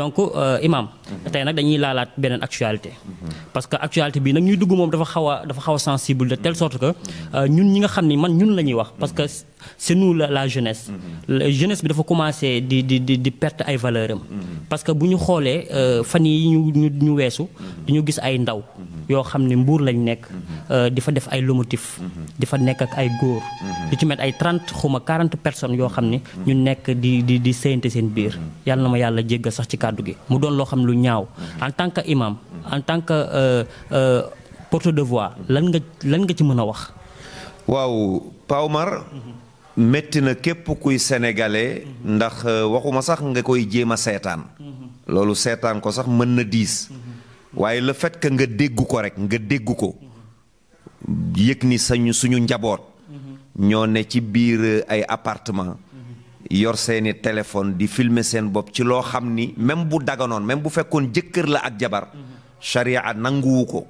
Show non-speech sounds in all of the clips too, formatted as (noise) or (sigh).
donc euh, imam tey nag dañuy laalaat beneen actualité parce que actualité bi nag ñuy dugg moom dafa xaw a dafa xaw a sensible de telle sorte que euh, ñun ñi nga xam ni man ñun la ñuy wax parce que c'est la la jeunesse jeunesse bi dafa commencé di di di di perte ay valeur am parce que bu ñu xoolee euh, fan yi ñu ñu weesu dañu gis ay ndaw yoo xam ne mbuur lañ nekk mhm. euh, di fa def ay lomotif mhm. di fa nekk ak ay góor di mhm. ci met ay trente xuma quarante personnes yoo xam ne ñu nekk di di di séyante seen biir yàlla na ma yàlla jéggal sax ci kàddu gi mu doon loo xam lu ñaaw en tant que imam en tant que euh, euh, porte de voix lan nga lan nga ci mën a wax waaw Pa Omar métti na képp kuy sénégalais ndax waxuma sax nga koy jéem a seetaan loolu seetaan ko sax mën na diis waaye le fait que nga dégg ko rek nga dégg ko yëg ni sañu suñu njaboot ñoo ne ci biir euh, ay appartement yor seeni téléphone di filmer seen bopp ci loo xam ni même bu daganoon même bu fekkoon jëkkër la ak jabar sharia nanguwu ko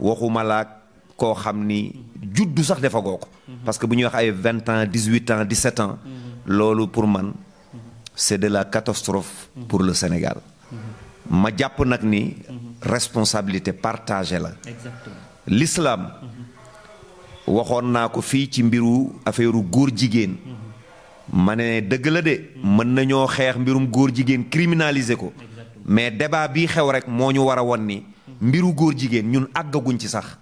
waxuma la koo xam ni juddu sax defagoo ko parce que bu ñuy wax ay vingt ans dix huit ans dix sept ans loolu pour man c'est de la catastrophe pour le Sénégal ma jàpp nag ni responsabilité partagée la. lislaam waxoon naa ko fii ci mbiru affaireu góor jigéen. ma ne dëgg la de mën nañoo xeex mbirum góor jigéen criminaliser ko. mais débat bii xew rek moo ñu war a won ni. mbiru góor jigéen ñun àggaguñ ci sax.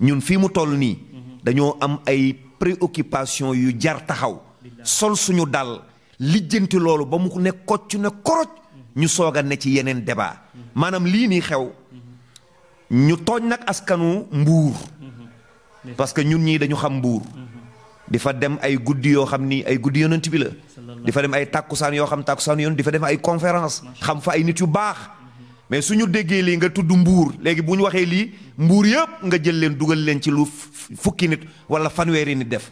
ñun fii mu toll nii. dañoo am ay préoccupation yu jar taxaw. sol suñu dal lijjanti loolu ba mu ne kocc ne koroj. ñu soog a ne ci yeneen débat maanaam lii nii xew ñu tooñ nag askanu mbuur mm-hmm. parce que ñun ñii dañu xam mbuur mm-hmm. di fa dem ay guddi yoo xam ni ay guddi yonent bi la di fa dem ay tàkkusaan yoo xam tàkkusaan yoon di fa dem ay conférence xam fa ay nit yu baax mm-hmm. mais suñu déggee lii nga tudd mbuur léegi bu ñu waxee lii mbuur yëpp nga jël leen dugal leen ci lu fukki nit wala fanweeri nit def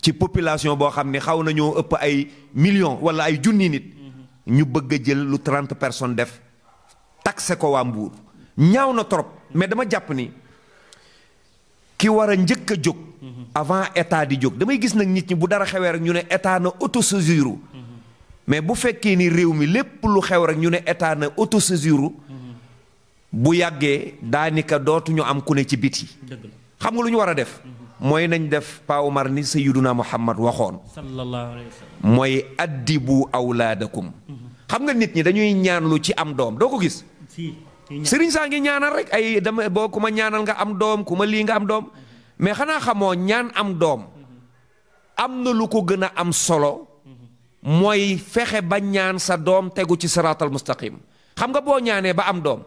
ci population boo xam ne xaw nañoo ëpp ay million wala ay junni nit ñu bëgg jël lu 30 personnes def taxé ko waa Mbour ñaaw na trop mais dama jàpp ni ki war a njëkk a jóg. avant état di jóg damay gis nag nit ñi bu dara xewee rek ñu ne état na autosaisiru mais bu fekkee ni réew mi lépp lu xew rek ñu ne état na autosaisiru bu yàggee daanaka dootuñu am ku ne ci bit yi xam nga lu ñu war a def. mooy nañ def Pa Omar ni sayyiduna Muhammad waxoon sallallahu alayhi wa sallam mooy addibu awlaadakum xam nga nit ñi dañuy ñaan lu ci am doom doo ko gis sëriñ saa ngi ñaanal rek ay dama boo ku ma ñaanal nga am doom ku ma lii nga am doom mais xanaa xamoo ñaan am doom am na lu ko gën a am solo mooy fexe ba ñaan sa doom tegu ci siraatal mustaqim xam nga boo ñaanee ba am doom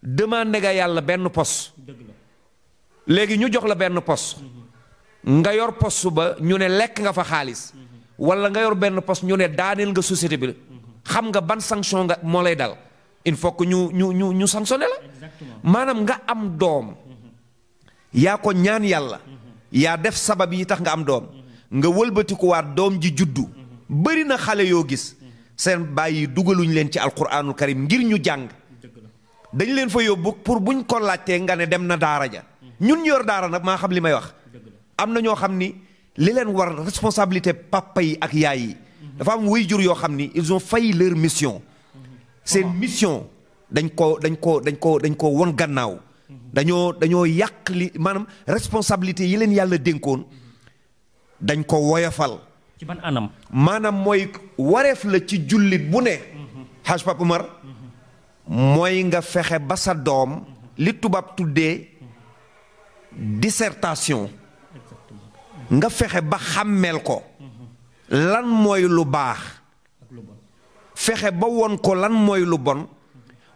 demande nga yàlla benn pos léegi ñu jox la benn poste nga yor poste ba ñu ne lekk nga fa xaalis wala nga yor benn poste ñu ne daaneel nga société bi xam nga ban sanction nga moo lay dal il faut que ñu ñu ñu ñu sanctionné la maanaam nga am doom yaa ko ñaan yàlla yaa def sabab yi tax nga am doom nga wëlbatikuwaat doom ji juddu bëri na xale yoo gis seen bàyyi dugaluñ leen ci alquranul karim ngir ñu jàng dañ leen fa yóbbu pour buñ ko laajtee nga ne dem na daara ja ñun yor daara nag maa xam li may wax. am na ñoo xam ni li leen war responsabilité papa yi ak yaay yi. dafa am jur yoo xam ni ils ont failli leur mission. seen mission dañ ko dañ ko dañ ko dañ ko won gannaaw. dañoo yàq li maanaam responsabilité yi leen yàlla dénkoon dañ ko woyofal. ci ban anam. maanaam mooy wareef la ci jullit bu ne. Haj Pap Umar mhm. mooy nga fexe ba sa doom. li tubaab tuddee. dissertation nga fexe ba xàmmeel ko lan mooy lu baax fexe ba won ko lan mooy lu bon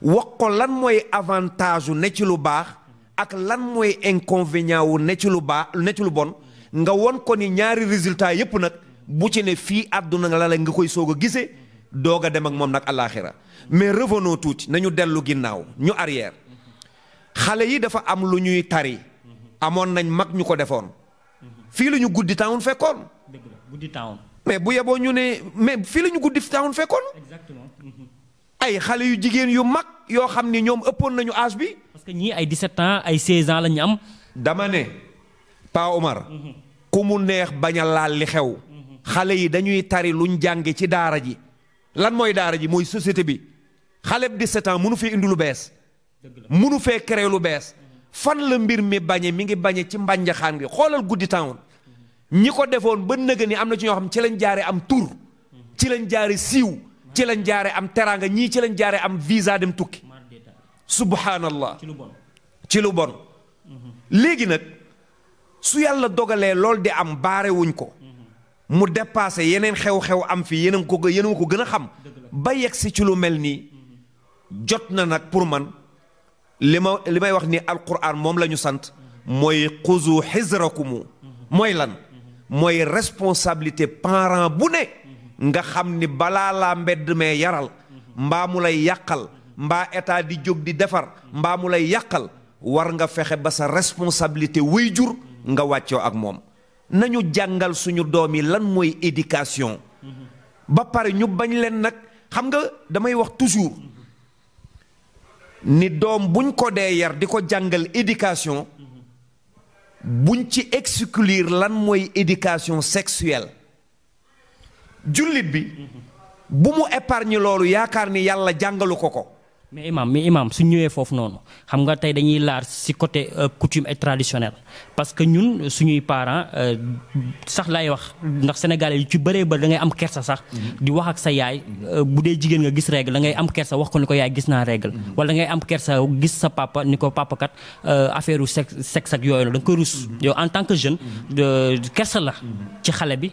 wax ko lan mooy avantage wu ne ci lu baax ak lan mooy inconvénient wu ne ci lu baax ne ci lu bon nga won ko ni ñaari résultat yépp nag bu ci ne fii àdduna nga la la nga koy soog a gisee doog a dem ak moom nag àllaaxira mais revenons tuuti nañu dellu ginnaaw ñu arrière xale yi dafa am lu ñuy tari amoon nañ mag ñu ko defoon. fii la ñu guddi taawun fekkoon. dëgg la mais bu yeboo ñu ne mais fii la ñu guddi taawun fekkoon. exactement. Mhm. ay xale yu jigéen yu mag yoo xam ni ñoom ëppoon nañu âge bi. parce que ñii ay 17 ans ay 16 ans la ñu am. dama ne Pa Omar. Mhm. ku mu neex bañ a li xew. Mhm. xale yi dañuy tari luñ jànge ci daara ji. lan mooy daara ji mooy société bi xale bi 17 ans mënu fee indi lu bees. mënu fee créer lu bees. fan la mbir mi bañe mi ngi bañe ci mbànjaxaan gi xoolal guddi town ñi ko defoon ba nëga ni am na ci ñoo xam ci la jaare am tur ci la jaare siiw ci la jaare am teraanga ñii ci la jaare am visa dem tukki subhanallah ci lu bon léegi nag su yàlla dogalee lool di am baare wuñ ko mu dépassé yeneen xew-xew am fi yeneen ko yeneen ko gën a xam ba yegg si ci lu mel nii jot na nag pour man li ma li may wax ni alquran moom la ñu sant mooy xuzu xisrakumu mooy lan mooy responsabilité parent bu ne nga xam ni balaa laa mbedd mee yaral mbaa mu lay yàqal mbaa état di jóg di defar mbaa mu lay yàqal war nga fexe ba sa responsabilité way jur nga wàccoo ak moom nañu jàngal suñu doom yi lan mooy éducation ba pare ñu bañ leen nag xam nga damay wax toujours ni doom buñ ko dee yar di ko jàngal éducation buñ ci exclure lan mooy éducation sexuelle jullit bi bu mu épargne loolu yaakaar ni yàlla jàngalu ko ko mais imam mais imam su ñëwee foofu noonu xam nga tey dañuy laar ci côté euh, coutume et traditionnel parce que ñun suñuy parents euh, sax lay wax mhm. ndax sénégalais yu ci bëree bëri da ngay am kersa sax mhm. di wax ak sa yaay euh, bu dee jigéen nga gis règle da ngay am kersa wax ko ni ko yaay gis naa règle mhm. wala da ngay am kersa gis sa papa ni ko papa kat affaire u sexe sexe ak yooyu la da ko rus yow en tant que jeune kersa la ci xale bi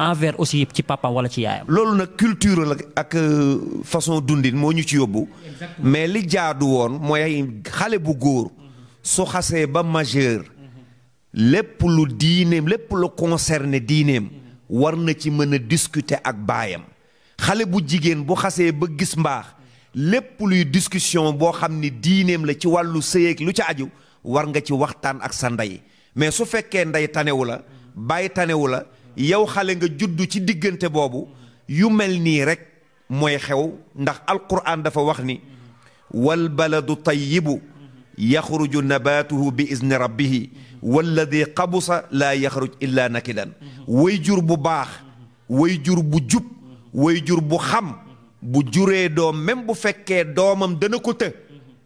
envers aussi ci papa wala ci yaayam. loolu nag culture la ak euh, façon dundin moo ñu ci yóbbu. mais li jaadu woon mooy xale bu góor. su xasee ba majeur. lépp lu diineem lépp lu concerné diineem. war na ci mën a discuter ak baayam. xale bu jigéen bu xasee ba gis mbaax. lépp luy discussion boo xam ni diineem la ci wàllu sëyeeg lu ci aju war nga ci waxtaan ak sa ndey mais su fekkee ndey tanewu la baay tanewu la. yow xale nga juddu ci diggante boobu yu mel nii rek mooy xew ndax alquran dafa wax ni wal baladu tayyibu yaxruju nabaatuhu bi izni rabbihi walladi xabusa laa yaxruj illaa nakidan way jur bu baax way jur bu jub way jur bu xam bu juree doom même bu fekkee doomam dana ko të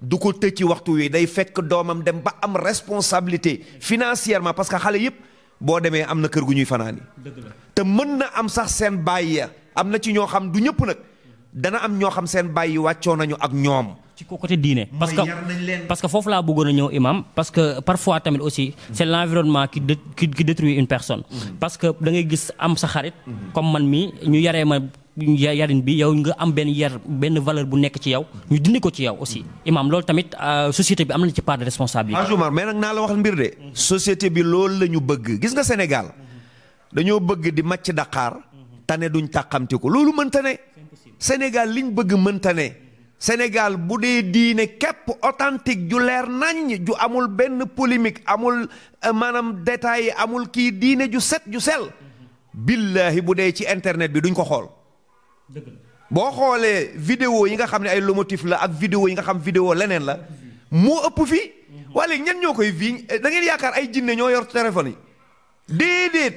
du ko të ci waxtu wi day fekk doomam dem ba am responsabilité financièrement parce que xale yëpp boo demee am na kër gu ñuy fanaani te mën na am sax seen baay ya am na ci ñoo xam du ñëpp nag dana am ñoo xam seen baay yi wàccoo nañu ak ñoom. ci côté diine parce que parce que foofu laa bëggoon a ñëw imam parce que parfois tamit aussi mm-hmm. c' est l' environnement qui qui détruit une personne mm-hmm. parce que da ngay gis am sa xarit mm-hmm. comme man mii ñu yaree ma yarin bi yow nga am benn yar benn valeur bu nekk ci yow ñu dindi ko ci yow aussi imaam loolu tamit euh, société bi am na ci part de responsabilité. Ajoumar ah, mais nag naa la wax de. société bi loolu la ñu bëgg gis nga Sénégal dañoo bëgg di màcc Dakar tane duñ tàqamti ko loolu mënta ne. Sénégal liñ bëgg mënta Sénégal bu dee diine képp authentique ju leer naññ ju amul benn polémique amul euh, maanaam détail amul kii diine ju set ju sel. billaahi bu dee ci internet bi duñ ko xool. boo xoolee vidéo yi nga xam ne ay lomotif la ak vidéo yi nga xam vidéo leneen la moo ëpp fi mhm. waa léegi ñen ñoo koy vi eh, da ngeen yaakaar ay jinne ñoo yor téléphone yi déedéet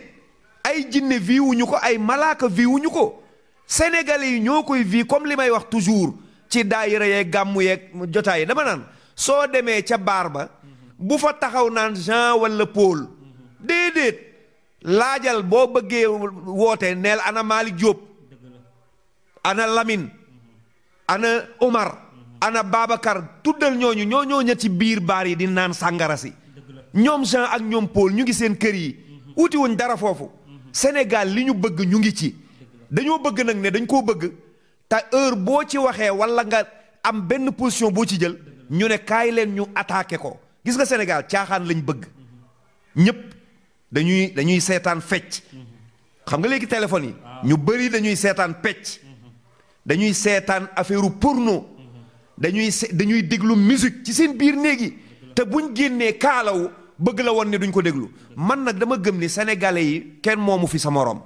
ay jinne vi ko ay malaaka vi ko sénégalais yi ñoo koy vii comme li may wax toujours ci daayira yeeg gàmmu yeeg jotaay dama naan soo demee ca baar ba mhm. bu fa taxaw naan Jean wala Paul mhm. déedéet laajal boo bëggee woote neel ana Malick Diop ana lamin ana Umar ana Babacar tuddal ñooñu ñoo ñooña ci biir baar yi di naan sàngara si ñoom Jean ak ñoom Paul ñu ngi seen kër yi wuti wuñ dara foofu Sénégal li ñu bëgg ñu ngi ci dañoo bëgg nag ne dañ koo bëgg te heure boo ci waxee walla nga am benn position boo ci jël ñu ne kaay leen ñu attaqué ko gis nga Sénégal caaxaan lañu bëgg ñëpp dañuy dañuy seetaan fecc xam nga léegi téléphone yi ah. ñu bëri dañuy seetaan pecc dañuy seetaan affaire porno dañuy se dañuy déglu musique ci seen biir léegi te buñ génnee kaalaw bëgg la woon ni duñ ko déglu man nag dama gëm ni sénégalais yi kenn moomu fi sa morom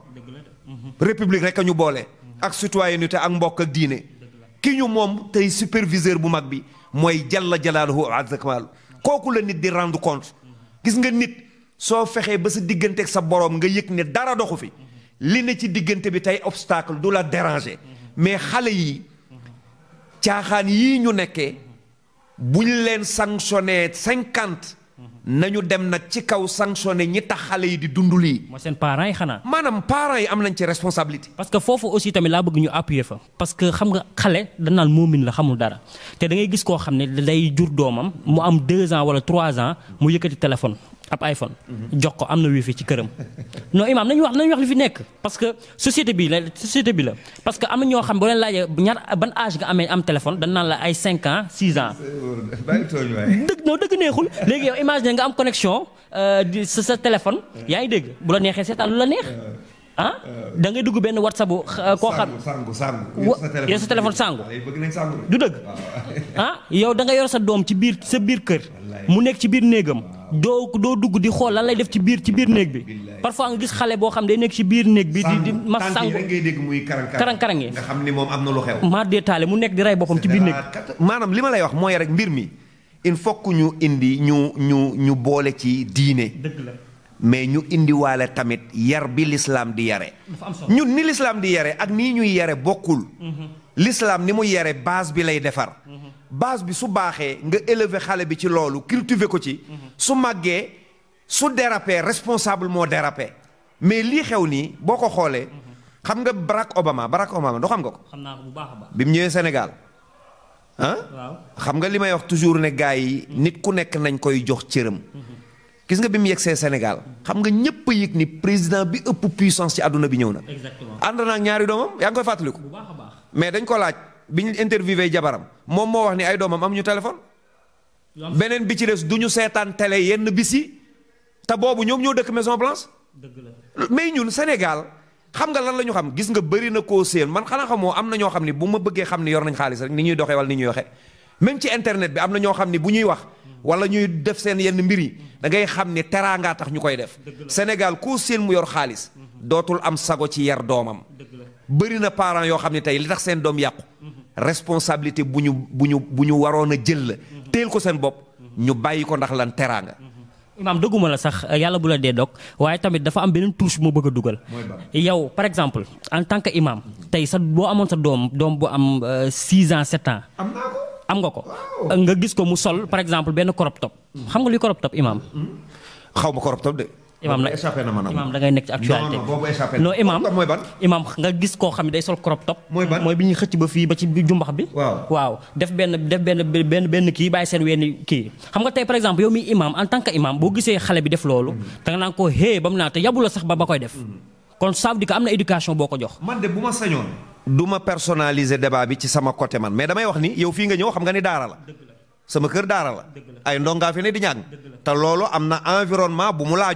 république rek a ñu boole ak citoyenneté ak mbokk ak diine ki ñu moom tey superviseur bu mag bi mooy jalla jalaaluhu azza kamal kooku la nit di rendre compte gis nga nit soo fexee ba sa diggante ak sa borom nga yëg ne dara doxu fi li ne ci diggante bi tey obstacle du la déranger mais xale yi caaxaan yii ñu nekkee bu buñ leen sanctionné cinquante nañu dem na ci kaw sanctionné ñi tax xale yi di dundu lii. mooy seen parents yi xanaa. maanaam parent yi am nañ ci responsabilité. parce que foofu aussi tamit laa bëgg ñu appuyer fa. parce que xam nga xale danaan moomin la xamul dara te da ngay gis koo xam ne day jur doomam mu am deux ans wala trois ans mu yëkkati téléphone. ab iPhone. jox ko am na wifi ci këram. non imaam nañu wax nañu wax li fi nekk parce que société bi la société bi la parce que am na ñoo xam boo leen laajee ñaar ban âge nga amee am téléphone dañ naan la ay 5 ans 6 ans. dëgg dëgg neexul léegi yow imagine am connexion euh, sa sa téléphone. yaa ngi dégg bu la neexee seetaan lu la neex. Euh, ah da ngay dugg benn whatsapp bu euh, koo xam sangu sa téléphone sangu du dëgg ah yow da nga yor sa doom ci biir sa biir kër mu nekk ci biir néegam. doo doo dugg di xool lan lay def ci biir ci biir néeg bi parfois nga gis xale boo xam day nekk ci biir néeg bi di di ma sangu ngay muy karang-karange nga xam ni moom am na lu xew maa détaale mu nekk di rey boppam ci biir néeg bi maanaam li ma lay wax moo rek mbir mi il faut que ñu indi ñu ñu ñu boole ci diine mais ñu indiwaale tamit yar bi lislaam di yare ñun ni lislaam di yare ak nii ñuy yare bokkul mm-hmm. l'islam ni mu yare base bi lay defar base bi su baaxee nga élever xale bi ci loolu cultiver ko ci su màggee su dérapé responsable moo mais lii xew nii boo ko xoolee xam nga Barack Obama Barack Obama doo xam nga ko xam naa bu baax a bi mu ñëwee Sénégal ah xam nga li may wax toujours ne gars yi nit ku nekk nañ koy jox cëram gis nga bi mu yegsee Sénégal xam nga ñëpp a yëg ni président bi ëpp puissance ci àdduna bi ñëw na ànd naa ak ñaari doomam yaa ngi koy fàttaliku mais dañ ko laaj bi ñu interviewé jabaram moom moo wax ni ay doomam am amuñu téléphone. beneen bi ci des du ñu seetaan tele yenn bis yi te boobu ñoom ñoo dëkk Maison Blanche. dëgg la mais ñun Sénégal xam nga lan la ñu xam gis nga bëri na koo séen man xanaa xamoo am na ñoo xam ni bu ma bëggee xam ni yor nañ xaalis rek ni ñuy doxee wala ni ñuy waxee même ci internet bi am na ñoo xam ni bu ñuy wax. wala ñuy def seen yenn mbir yi da ngay xam ni teraanga tax ñu koy def. Sénégal koo séen mu yor xaalis. Mhm. dootul am sago ci yar doomam. bëri na parents yoo xam ne tey li tax seen doom yàqu responsabilité bu ñu bu ñu bu ñu waroon a jël la teel ko seen bopp ñu bàyyi ko ndax lan teraanga imaam dëgguma la sax yàlla bu la dee dog waaye tamit dafa am beneen touche moo bëgg a dugal yow par exemple en tant que imam tey sa boo amoon sa doom doom bu am 6 an 7 ans am nga ko nga gis ko mu sol par exemple benn crop top xam nga luy crop top imaam xaw ma crop top de imaam nag imaam da ngay nekk ci actualité non imaam imaam nga gis koo xam ne day sol crop top mooy bi ñuy xëcc ba fii ba ci jumbax bi waaw def benn def benn benn kii bàyyi seen wenn kii xam nga tey par exemple yow mi imaam en tant imaam boo gisee xale bi def loolu mm-hmm. da nga naan ko hee ba mu naa te yabu la sax ba ba koy def mm-hmm. kon ça veut dire am na éducation boo ko jox man de bu ma ma personnaliser débat bi ci sama côté man mais damay wax ni yow fii nga ñëw xam nga la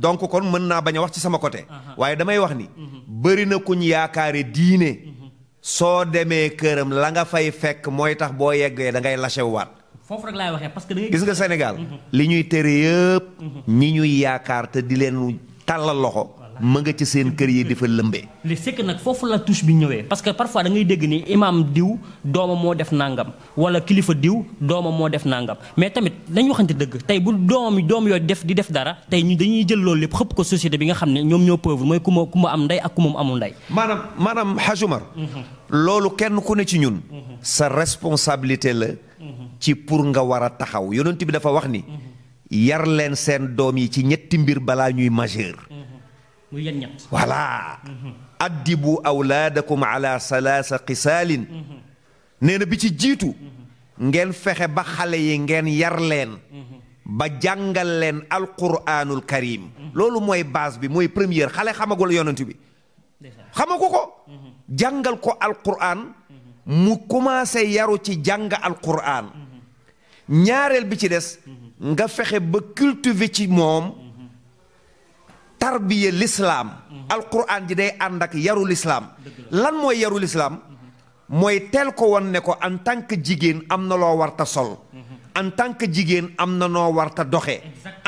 donc kon mën naa bañ a wax ci sama côté. waaye damay wax ni. Mhm. bëri na kuñ yaakaare diine. Mhm. soo demee këram la nga fay fekk mooy tax boo yeggee da ngay lâchewuwaat. foofu rek laay waxee parce que gis nga Sénégal. Mhm. li ñuy tere yëpp. ñi ñuy yaakaar te di leen tàllal loxo. ma nga ci seen kër yi di fa lëmbee. li c'est nag foofu la touche bi ñëwee parce que parfois da ngay dégg ni imaam diw dooma moo def nangam wala kilifa diw dooma moo def nangam mais tamit dañu waxante dëgg tey bu doom doom yooyu def di def dara tey ñu dañuy jël loolu lépp xëpp ko société bi nga xam ne ñoom ñoo pauvre mooy ku ma ku ma am ndey ak ku amul ndey. maanaam maanaam xajumar. loolu kenn ku ne ci ñun. sa responsabilité la. ci pour nga war a taxaw yonent bi dafa wax ni. yar leen seen doom yi ci ñetti mbir balaa ñuy majeur. muy yéen ñett voilà mm-hmm. addibu awlaadakum ala salaasa xisaalin mm-hmm. nee bi ci jiitu mm-hmm. ngeen fexe ba xale yi ngeen yar leen ba jàngal leen alquraanul karim loolu mooy baas bi mooy première xale xamagul yonent bi xamagu ko jàngal ko alquraan mu commencé yaru ci jàng alquraan ñaareel bi ci des nga fexe ba cultiver ci moom tarbiya lislaam alquran ji day ànd ak yaru lislaam lan mooy yaru lislaam mooy teel ko woon ne ko en tant jigéen am na loo warta sol en tant jigéen am na noo warta doxe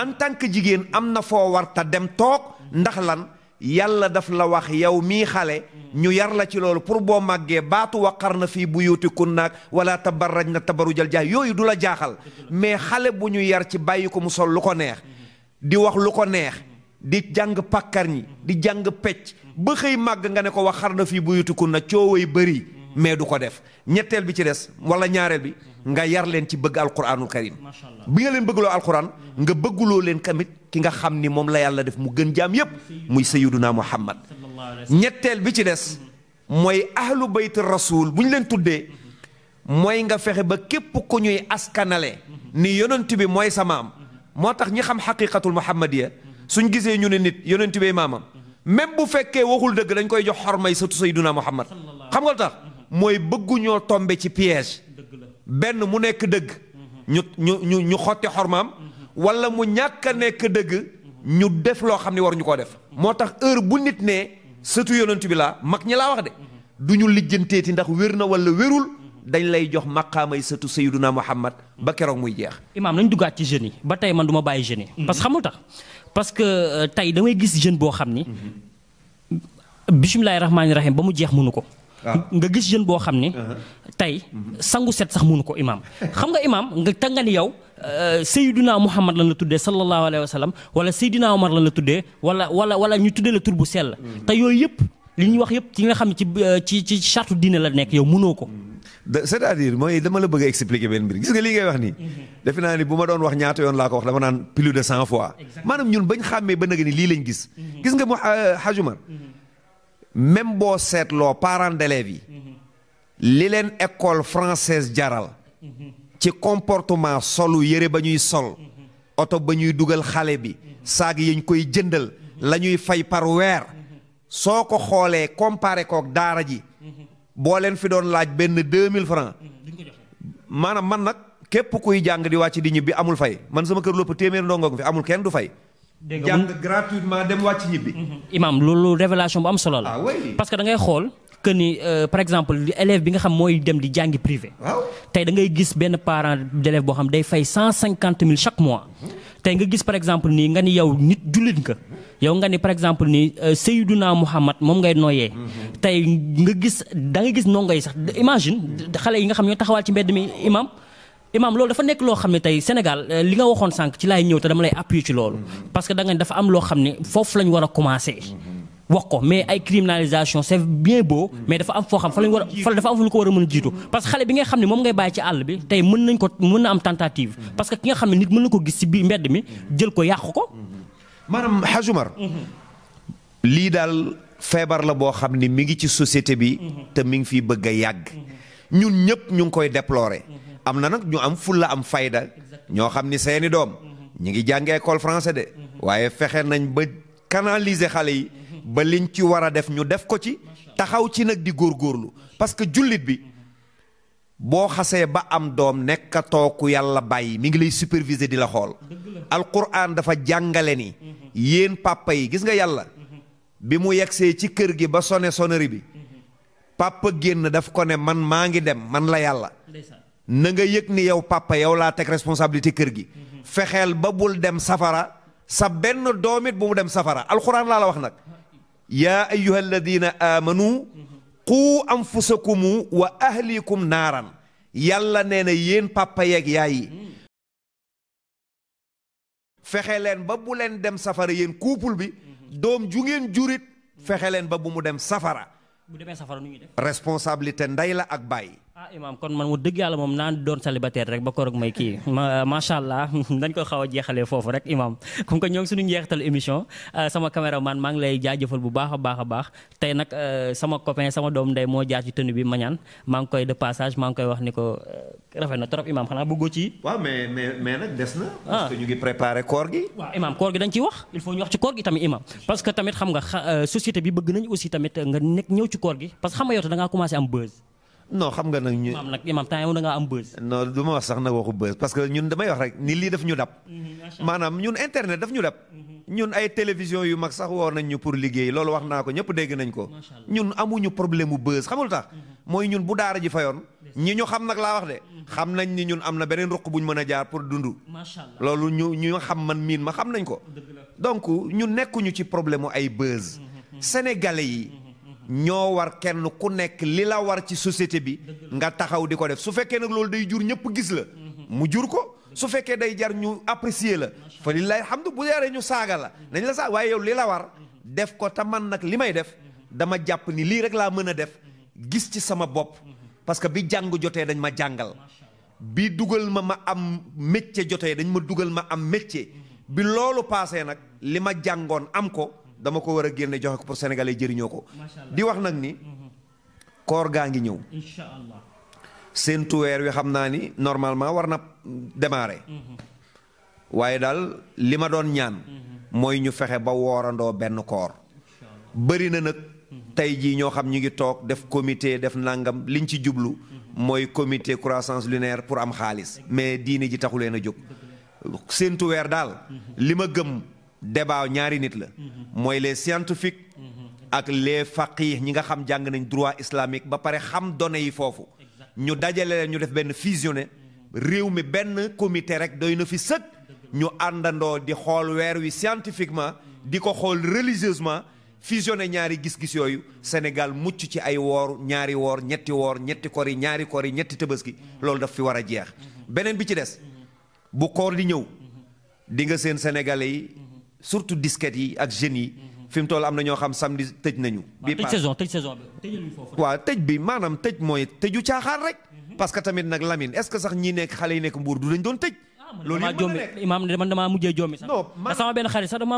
en tant que jigéen am na foo warta dem toog ndax lan yàlla daf la wax yow mii xale ñu yar la ci loolu pour boo màggee baatu wax xar na fii buyuutikunna naag wala tabarraj na tabarujal jaay yooyu du la jaaxal mais xale bu ñu yar ci bàyyi ko mu sol lu ko neex di wax lu ko neex di jàng pàkkar di jàng pecc ba xëy màgg nga ne ko wax xar na fii buyutukun na cooway bëri mais du ko def ñetteel bi ci des wala ñaareel bi nga yar leen ci bëgg alquranul karim bi nga leen bëggloo alquran nga bëgguloo leen tamit ki nga xam ni moom la yàlla def mu gën jaam yépp muy sayyiduna muhammad ñetteel bi ci des mooy ahlu bayt rasuul bu ñu leen tuddee mooy nga fexe ba képp ku ñuy askanale ni yonent bi mooy sa maam moo tax ñi xam xaqiqatul muhammadiya suñ gisee ñu ne nit yonent bee maamam même bu fekkee waxul dëgg dañ koy jox xormay sëtu sayyiduna Muhammad xam nga lu tax mooy bëgguñoo tombe ci piège benn mu nekk dëgg ñu ñu ñu ñu xotti xormaam wala mu ñàkk a nekk dëgg ñu def loo xam ne waruñu koo def moo tax heure bu nit nee sëtu yonent bi laa mag ñi laa wax de du ñu lijjanteeti ndax wér na wala wérul dañ lay jox maqaamay sëtu sayyiduna Muhammad ba keroog muy jeex. imaam nañ duggaat ci jeunes yi ba tey man du ma bàyyi jeunes yi. Mm-hmm. parce que xamul tax parce que euh, tey damay gis jeune boo xam ni. bisimilahi rahmaani rahim ba mu jeex mënu ko. Ah. nga gis jeune boo xam ni. Uh-huh. tey mm-hmm. sangu set sax mënu ko imaam. (laughs) xam nga imaam nga te nga ni yow euh, Seydina Muhammad lan la tuddee sallallahu alayhi wa sallam wala Seydina Omar lan la tuddee wala wala ñu tuddee la tur bu la mm-hmm. te yooyu yëpp li ñuy wax yëpp ci nga xam ci euh, ci ci charte diine la nekk yow mënoo ko. Mm-hmm. c'est-à-dire mooy dama la bëgg a expliquer benn mbir gis nga lii ngay wax nii. Mhm. defe naa ni bu ma doon wax ñaata yoon laa ko wax dama naan plus de cent fois. maanaam ñun bañ xàmmee ba nag lii lañ gis. Mhm. gis nga mu xajumar euh, mhm. même seetloo parents d'élèves yi. li leen école française jaral. ci comportement solu yëre ba ñuy sol. oto ba ñuy dugal xale bi. saag yañ koy jëndal. la ñuy fay par weer. soo ko xoolee comparé kook daara ji. boo leen fi doon laaj benn 2000 francs mm, maanaam man nag képp kuy jàng di wàcc di ñibbi amul fay man sama kër lopp téeméer ndongo fi amul kenn du fay. dégg jàng gratuitement dem wàcc ñibbi. Mm-hmm. imaam loolu révélation bu am solo la. Ah parce que da ngay xool. que ni euh, par exemple élève bi nga xam mooy dem di jàngi privé. tey da ngay gis benn parent d'élève boo xam day fay cent cinquante mille chaque mois. Mm-hmm. tey nga gis par exemple nii nga ni yow nit jullit nga. yow nga ni par exemple ni euh, Seydouna Muhammad moom ngay nooyee mhm. tey nga gis da nga gis ndongo yi sax imagine xale yi nga xam ñoo taxawaal ci mbedd mi imam imam loolu dafa nekk loo xam ne tey Sénégal euh, li nga waxoon sànq ci laay ñëw te dama lay appuyer ci loolu mhm. parce que da nga dafa am loo xam ne foofu lañ war a commencer mhm. wax ko mais ay criminalisation c'est bien beau mais dafa am foo xam fa lañ war a dafa am fu ñu ko war a mën jiitu parce que xale bi ne moom ngay bàyyi ci àll bi tey mën nañ ko mën na am tentative que ki nga xam ne nit mën na ko gis ci biir mbedd mi jël ko yàq ko maanaam xajumar lii daal feebar la boo xam ni mi ngi ci société bi te mi ngi fiy bëgg a yàgg ñun ñëpp ñu ngi koy déplorer am na nag ñu am fulla am fayda ñoo xam ni seeni doom ñu ngi jàng école français de waaye fexe nañ ba canaliser xale yi ba liñ ci war a def ñu def ko ci taxaw ci nag di góor parce que jullit bi boo xasee ba am doom nekkatoo ku yàlla bàyyi mi ngi lay superviser di la xool alquran dafa jàngale ni yéen papa yi gis nga yàlla bi mu yegsee ci kër gi ba sone soneri bi papa génn daf ko ne man maa ngi dem man la yàlla na nga yëg ni yow papa yow laa teg responsabilité kër gi fexeel ba bul dem safara sa benn doomit bu mu dem safara alquran laa la wax nag yaa ayyuha alladina amanu qu anfusakum wa ahlikum naaran yàlla nee na yéen papa yeeg yaay yi fexe leen ba bu leen dem safara yéen couple bi doom ju ngeen jurit fexe leen ba bu mu dem safara bu demee safara nu ñuy def responsabilité ndey la ak baay ah imaam kon man mu dëgg yàlla moom naan doon célibataire rek ba koroog may kii ah, macha allah (laughs) dañ ko xaw a jeexalee foofu rek imaam comme que ñoo ngi suñu njeextal émission ah, sama caméraman maa ngi lay jaajëfal bu baax a baax a baax tey nag ah, sama copain sama doom ndey koor gi dañ ciy wax il faut ñu wax ci koor gi tamit imaam parce tamit xam nga société bi bëgg nañ aussi tamit nga nekk ñëw ci koor gi parce xam nga yow te da am buzz non xam nga nag ñu. maam nag imaam temps yow da ngaa am buzz. non du ma wax sax nag waxu buzz parce que ñun damay wax rek ni lii daf ñu dab. Mhm, maanaam ñun internet daf ñu dab. Mhm. ñun ay télévision yu mag sax woo nañ ñu pour liggéey loolu wax naa ko ñëpp dégg nañ ko. ñun amuñu problème mu buzz xamul tax. Mhm. mooy ñun bu daara ji fayoon. ñi ñu xam nag laa wax de. xam nañ ni ñun am na beneen ruq bu ñu mën a jaar pour dund. loolu ñu ñu xam man miin ma xam nañ ko. donc ñun nekkuñu ci problème mu ay buzz. sénégalais ñoo war kenn ku nekk li la war ci société bi nga taxaw di ko def su fekkee nag loolu day jur ñëpp gis la mu jur ko su fekkee day jar ñu apprécier la fa lillahi hamdu bu yaree ñu saaga la nañ la sax waaye yow li la war def ko te man nag li may def dama jàpp ni lii rek laa mën a def gis ci sama bopp parce que bi jàng jotee dañ ma jàngal bi dugal ma ma am métier jotee dañ ma dugal ma am métier bi loolu paasee nag li ma jàngoon am ko dama ko war a génne joxe ko pour sénégalais jëriñoo ko. di wax nag ni. Mhm. koor gaa ngi ñëw. incha allah wi xam naa ni normalement war na démarrer. Mhm. waaye daal li ma doon ñaan. Mhm. mooy ñu fexe ba woorandoo benn koor. bëri na nag. tey jii ñoo xam ñu ngi toog def comité def nangam liñ ci jublu. mooy comité croissance lunaire pour am xaalis. mais diine ji taxu leen a jóg. seen daal. li ma gëm. débat ñaari nit la. mooy les scientifiques. ak les faqih ñi nga xam jàng nañ droit islamique ba pare xam données yi foofu. ñu dajale ñu def benn fusionné. réew mi benn comité rek doy na fi sëg. ñu àndandoo di xool weer wi scientifiquement. di ko xool religieusement. fusionné ñaari gis-gis yooyu Sénégal mucc ci ay woor ñaari woor ñetti woor ñetti kori ñaari kori ñetti tëbaski loolu daf fi war a jeex mhm. beneen bi ci des bu koor di ñëw di seen sénégalais surtout disquettes yi ak jeunes yi. Mhm. fi mu toll am na ñoo xam samedi tëj nañu. Ah, bii tëj saison tëj saison bi waaw tëj bi maanaam tëj mooy tëju caaxaan rek. Mhm. parce que tamit nag Lamine est-ce que sax ñi nekk xale yi nekk mbuur du lañ doon tëj. Ah, loolu yëpp mën na nekk imam man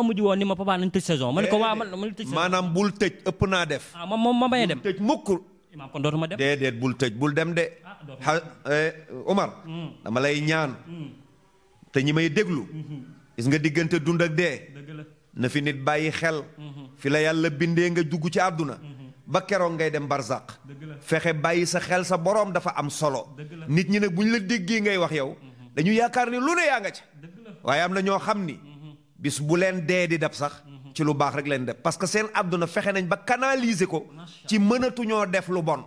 mujj woon ni ma papa nañ tëj saison. ma ne ko waaw man ma tëj saison maanaam bul tëj ëpp naa def. Ah, ma bañ a dem tëj mukk. imam kon dootuma dem déedéet bul tëj bul dem de. ah eh, Omar. Hmm. dama lay ñaan hmm. te ñi may déglu hmm. gis nga diggante dund ak dee na fi nit bàyyi xel mhm. fi la yàlla bindee nga dugg ci àdduna mhm. ba keroog ngay dem barzaq fexe bàyyi sa xel sa boroom dafa am solo nit ñi nag bu ñu la déggee ngay wax yow mhm. dañu yaakaar ni lu ne yaa nga ci waaye am na ñoo xam ni bis bu leen dee di dab sax ci lu baax rek leen def parce que seen àdduna fexe nañ ba canaliser ko ci mënatuñoo def lu bon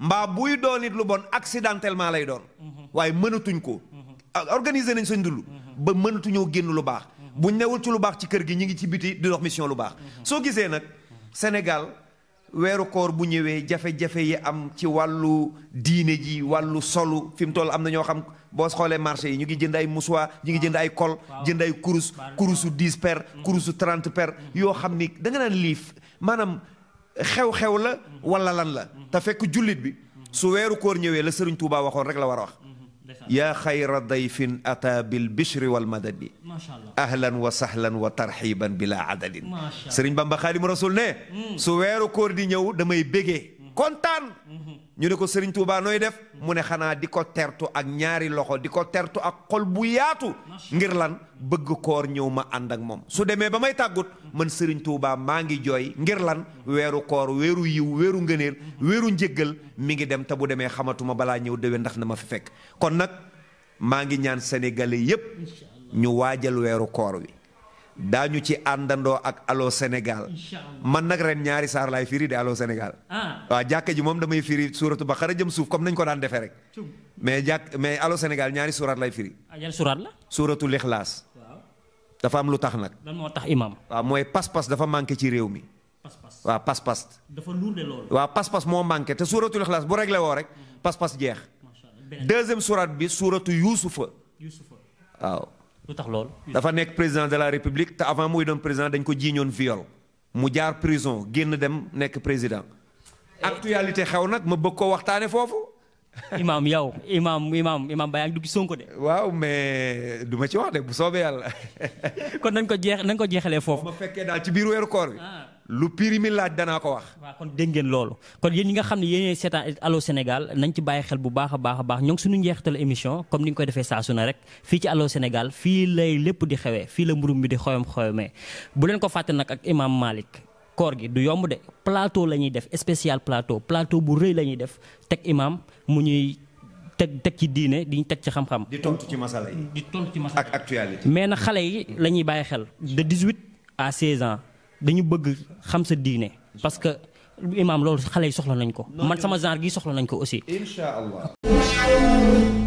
mbaa buy doon it lu bon accidentellement lay doon waaye mënatuñ ko organiser nañ seen ba mënatuñoo génn lu baax buñ newul ci lu baax ci kër gi ñu ngi ci biti di dox mission lu baax mhm. soo gisee nag Sénégal weeru koor bu ñëwee jafe-jafe yi am ci wàllu diine ji wàllu solu fi mu toll am na ñoo xam boo xoolee marché yi ñu ngi jënd ay musuwaa ñu ngi jënd ay kol jënd ay kurus kurusu 10 per mhm. kurusu 30 per mhm. yoo xam ni da nga naan liif maanaam xew-xew la wala lan la te fekk jullit bi su weeru koor ñëwee la Sëriñ Tuubaa waxoon rek la war a wax yaa xayra dayfin ata bil bishri wal madadi ahlan wa sahlan wa tarxiban bila adadin sëriñ bamba xaadim rasul ne hmm. su weeru koor di ñëw damay bégee kon kontaan mhm. ñu ne ko Serigne Touba nooy def mu ne xanaa di ko tertu ak ñaari loxo di ko tertu ak xol bu yaatu ngir lan bëgg koor ñëw ma ànd ak moom su demee ba may tàggut man Serigne Touba maa ngi jooy ngir lan weeru koor weeru yiw weeru ngëneel mhm. weeru njëggal mi ngi dem te bu demee xamatuma balaa ñëw déwén ndax na ma fi fekk kon nag maa ngi ñaan sénégalais yépp ñu waajal weeru koor wi daañu ci àndandoo ak Allô Sénégal man nag ren ñaari saar laay firi di Allô Sénégal ah. waaw jàkka ji moom damay firi suuratu Baqara jëm suuf comme nañ ko daan defee rek mais jàkk mais Allô Sénégal ñaari suuraat lay firi ah, suuratu Lixlaas dafa am lu tax nag lan moo tax imam mooy pas-pas manqué ci réew mi waaw pas-pas dafa lourde loolu waaw moo manqué te suuratul Ixlaas bu réglé woo rek mm-hmm. pas-pas jeex deuxième suuraat bi suuratu Yuusufa waaw lu tax loolu. dafa nekk président de la république te avant muy doon président dañ ko jiiñoon viol mu jaar prison génn dem nekk président. actualité xew nag ma bëgg ko waxtaane foofu. imaam yow imaam imaam imaam Ba yaa ngi dugg Sonko de. waaw mais du ma ci wax de bu soobee yàlla. (laughs) kon nañ ko jeex nañ ko jeexalee foofu. ma fekkee daal ci biir weeru koor bi. Ah. lu prix mi laaj danaa ko wax. waaw kon dégg ngeen loolu kon yéen yi nga xam ne yéenay seetaan allo Sénégal nañ ci bàyyi xel bu baax a baax a baax ñoo ngi suñu njeexital émission comme ni ñu koy defee saa su ne rek fii ci allo Sénégal fii lay lépp di xewee fii la mburum bi di xoyom xoyomee bu leen ko fàtte nag ak imam Malick koor gi du yomb de plateau la ñuy def spécial plateau plateau bu rëy la ñuy def teg imam mu ñuy. teg teg ci diine di teg ci xam-xam. di tontu ci masala yi. di tontu ci masala ak actualité. mais na xale yi la ñuy bàyyi xel de 18 à 16 ans. dañu bëgg xam sa diine parce que imaam loolu xale yi soxla nañ ko man sama genre gi soxla nañ ko aussi. incha